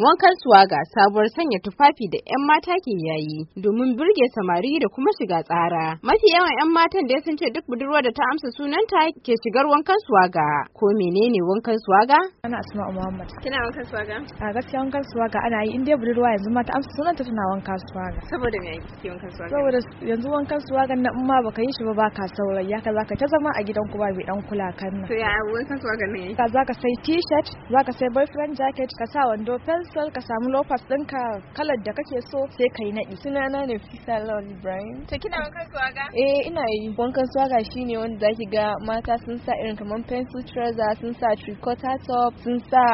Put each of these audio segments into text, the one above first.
Wankan suwaga sabuwar sanya tufafi da 'yan mata ke yayi domin burge samari da kuma shiga tsara. Mafi yawan 'yan matan da sun ce duk budurwa da ta amsa sunanta ke shigar wankan suwaga. Ko menene wankan suwaga? Ana asma Muhammad. Kina wankan suwaga? A gaskiya wankan suwaga ana yi inda budurwa yanzu ma ta amsa sunanta tana wankan suwaga. Saboda me ke wankan suwaga? Saboda yanzu wankan suwaga na in ma baka yi shi ba baka saurayi ya ka ta zama a gidan ku ba bai dan kula kan nan. To ya wankan suwaga ne? Ka zaka sai t-shirt, zaka sai boyfriend jacket, ka sa wando fel pencil ka samu lopers ɗinka kalar da kake so sai ka yi naɗi sunana ne fisa lord ibrahim Ta kina wankan swaga eh ina yi wankan swaga shine wanda zaki ga mata sun sa irin kamar pencil trouser sun sa tricota top sun sa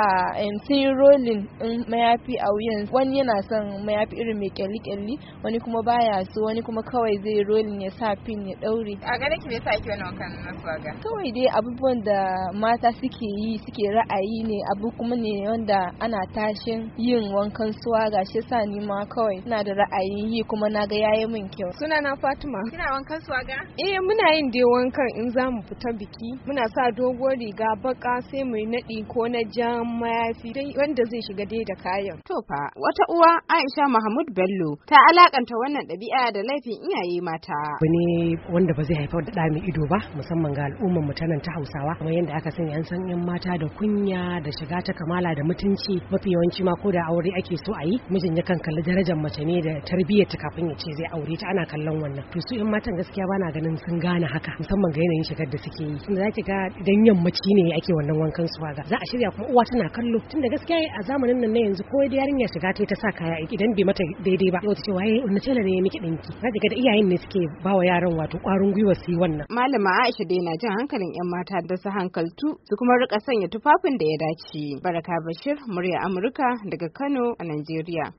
sun yi rolling in mayafi a wuyan wani yana son mayafi irin mai kyalli kyalli wani kuma baya so wani kuma kawai zai rolling ya sa pin ya ɗaure. a gane ki me yasa ake wani wankan swaga kawai dai abubuwan da mata suke yi suke ra'ayi ne abu kuma ne wanda ana tashin yin wankan suwa ga shi sa ni ma kawai ina da ra'ayin yi kuma na ga yayi min kyau suna na fatima kina wankan suwa ga eh muna yin dai wankan in za mu fita biki muna sa doguwar riga baka sai mu nadi ko na jan mayafi wanda zai shiga dai da kayan to fa wata uwa aisha mahmud bello ta alakanta wannan ɗabi'a da laifin iyaye mata ne wanda ba zai haifar da ɗa ido ba musamman ga al'ummar mu ta nan ta hausawa kamar yadda aka sani an san yan mata da kunya da shiga ta kamala da mutunci mafi yawanci ma ko da aure ake so a yi mijin ya kan kalli darajar mace ne da tarbiyyar ta kafin ya ce zai aure ta ana kallon wannan to su yan matan gaskiya bana ganin sun gane haka musamman ga yanayin shigar da suke yi tunda zaki ga idan yammaci ne ake wannan wankan su ga za a shirya kuma uwa tana kallo tunda gaskiya a zamanin nan na yanzu ko da yarinya shiga ta ta sa kaya idan bai mata daidai ba wata ce waye na tela ne miki dinki zaki ga da iyayen ne suke ba wa yaran wato kwarin gwiwa su yi wannan malama Aisha dai na jin hankalin yan mata da su hankaltu su kuma rika sanya tufafin da ya dace baraka bashir murya amurka daga Kano a Najeriya.